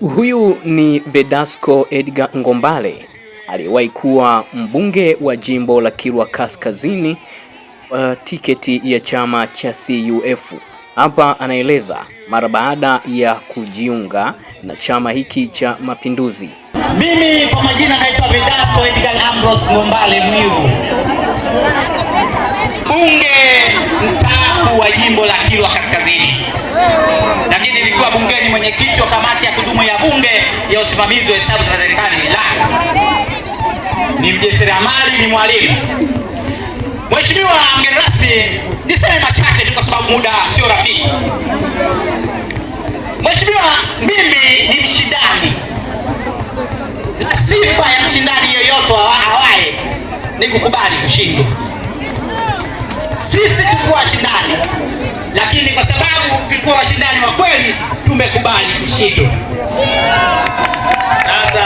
Huyu ni Vedasco Edgar Ngombale aliyewahi kuwa mbunge wa jimbo la kirwa Kaskazini uh, tiketi ya chama cha CUF. Hapa anaeleza mara baada ya kujiunga na chama hiki cha Mapinduzi. Mimi kwa majina naitwa Vedasco Edgar Ambrose Ngombale Mwiru, Bunge mwenyekiti wa kamati ya kudumu ya bunge ya usimamizi wa hesabu za serikali, la ni mjasiriamali, ni mwalimu. Mheshimiwa mgeni rasmi, niseme machache tu kwa sababu muda sio rafiki. Mheshimiwa, mimi ni mshindani na sifa ya mshindani yoyote wa hawaye ni kukubali kushindwa. Sisi tulikuwa washindani, lakini kwa sababu tulikuwa washindani wa kweli, msitu. Sasa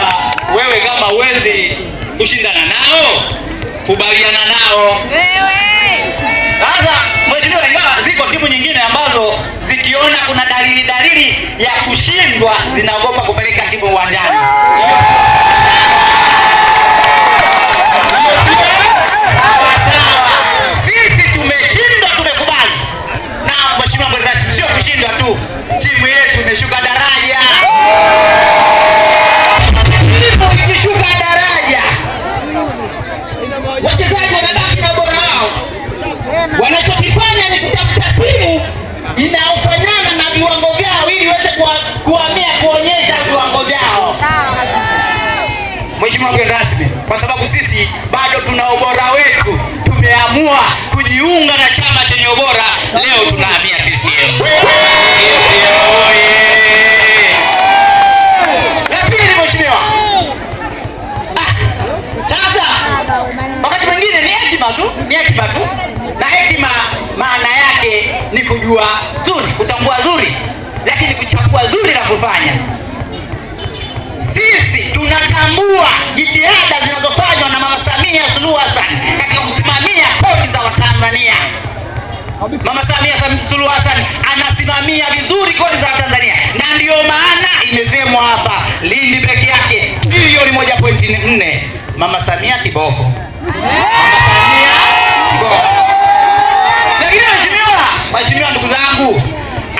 wewe kama uwezi kushindana nao, kubaliana nao. Sasa mheshimiwa, ingawa ziko timu nyingine ambazo zikiona kuna dalili dalili ya kushindwa zinaogopa kupeleka timu uwanjani. Mheshimiwa mgeni rasmi, kwa sababu sisi bado tuna ubora wetu, tumeamua kujiunga na chama chenye ubora. Leo tunahamia CCM. La pili, mheshimiwa, ah, sasa wakati mwingine ni hekima tu, ni hekima tu, na hekima maana yake ni kujua zuri, kutambua zuri, lakini kuchagua zuri la kufanya kutambua jitihada zinazofanywa na Mama Samia Suluhu Hassan katika kusimamia kodi za Watanzania. Mama Samia Suluhu Hassan anasimamia vizuri kodi za Watanzania, na ndiyo maana imesemwa hapa Lindi peke yake bilioni moja pointi nne. Mama Samia kiboko, Mama Samia kiboko. Lakini mheshimiwa, mheshimiwa, ndugu zangu,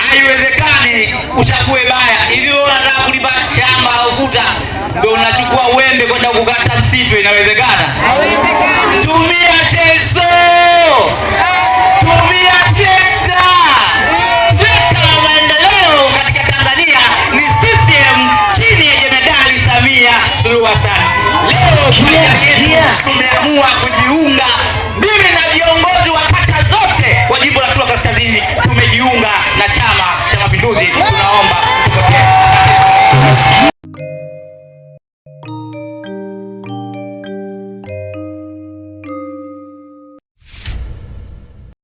haiwezekani uchague baya kitu inawezekana. Tumia chezo, tumia trekta. Trekta la maendeleo katika Tanzania ni CCM chini ya Jemedali Samia Suluhu Hassan. Leo tumeamua kujiunga mimi na viongozi